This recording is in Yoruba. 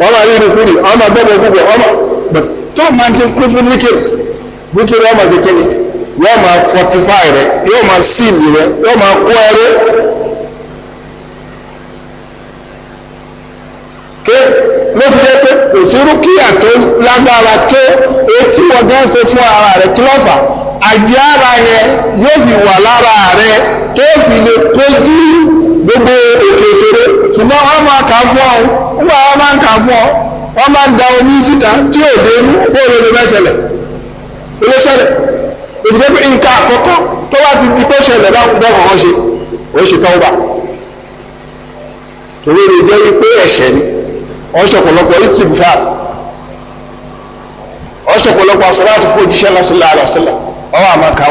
wọ́n máa rí irú kúrì wọ́n máa gbọ́bọ̀ púpọ̀ wọ́n máa tó máa ti kú fún wíkìrì wíkìrì wọ́n máa kékeré wọ́n máa fortify rẹ̀ yóò máa seal rẹ̀ yóò máa kó ẹrú ké ló fi jẹ́ pé kò sí rúkìá tó lágbára tó etí wọ́n gán ṣe fún ara rẹ̀ kí ló fà àjẹ ara yẹn yóò fi wà lára rẹ̀ tó fi lè kojú gbogbo ètò ìṣòro ṣùgbọ́n wọ́n máa kà á fún ọ nígbà kà fún ọ wọ́n máa ń da omi síta tí yóò dé mú kó o lè lè mẹ́sẹ̀lẹ̀ olóṣẹ̀lẹ̀ òṣìṣẹ́ pé nǹkan àkọ́kọ́ tó bá ti di pé ṣẹlẹ̀ bá bẹ́ẹ̀ kọ́kọ́ ṣe ó ṣe tán wà torí lè jẹ́ wípé ẹ̀ṣẹ̀ ni ọ̀ṣọ̀pọ̀lọpọ̀ ìsìnfà ọ̀ṣọ̀pọ̀lọpọ̀ àṣọwájú fún òjíṣẹ́ lọ́sọ̀lá àlọ́sọ̀lá ọwọ́ àmàkà